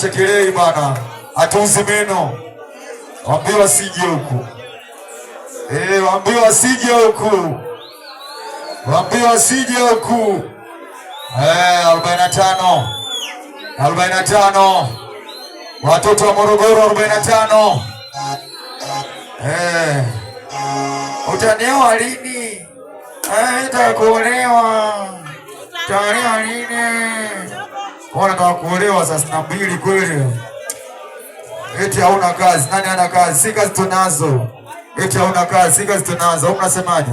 chakirei bana, hatuuzi meno. Waambiwa wasije huku, eh, wambiwa wasije huku, wambiwa wasije huku. Eh, arobaini na tano arobaini na tano watoto wa Morogoro arobaini na tano eh. Utanewa lini? Utaolewa tarehe lini? Ona kama kuolewa saa na mbili kweli, eti hauna kazi. Nani ana kazi? Si kazi tunazo, eti hauna kazi. Si kazi tunazo. Unasemaje?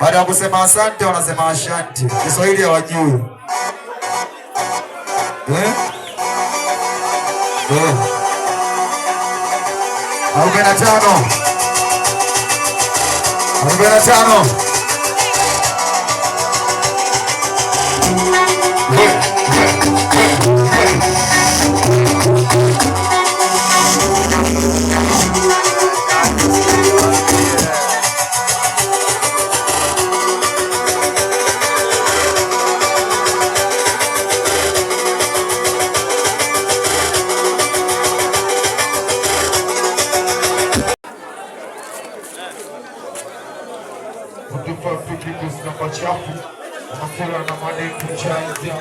Baada ya kusema asante, wanasema ashanti. Kiswahili hawajui eh? eh? arobaini na tano arobaini na tano kutupa pipi machafu anakula na maneno chanja,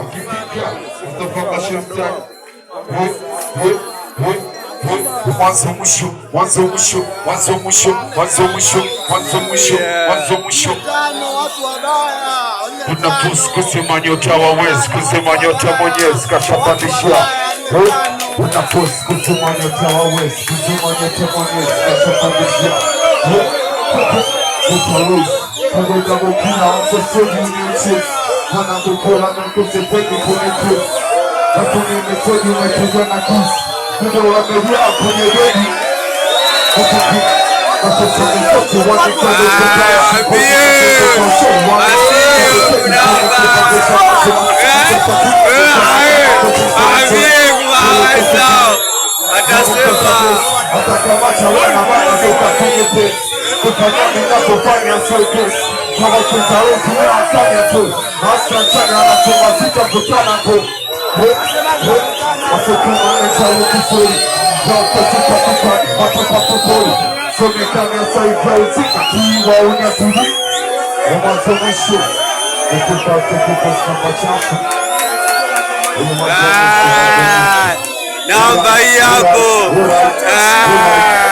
ukipika utapaka shetani. Mwanzo mwisho, mwanzo mwisho, mwanzo mwisho, mwanzo mwisho, mwanzo mwisho, mwanzo mwisho. Kuna pusi kusema nyota wawezi kusema nyota mwenyezi kashapandisha. Kuna pusi kusema nyota wawezi kusema nyota mwenyezi kashapandisha. Utalozi pagoda kanyanga kufanya focus kama tofauti unafanya tu hata sana na kama sitakutana tu wasokumane tauni kizuri Dota sitatukan matapata kuri sonekane saibauti kiwa unazuri Mwanzo mwisho ukipata kukosamba chako Namba yako Ah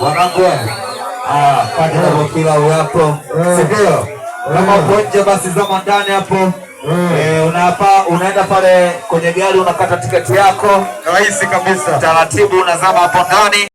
Wanangu pata ah, mpira hapo, eh. si ndio? Eh. Kama ponje basi zama ndani hapo. Eh, unapa, unaenda pale kwenye gari unakata tiketi yako rahisi kabisa, taratibu unazama hapo ndani.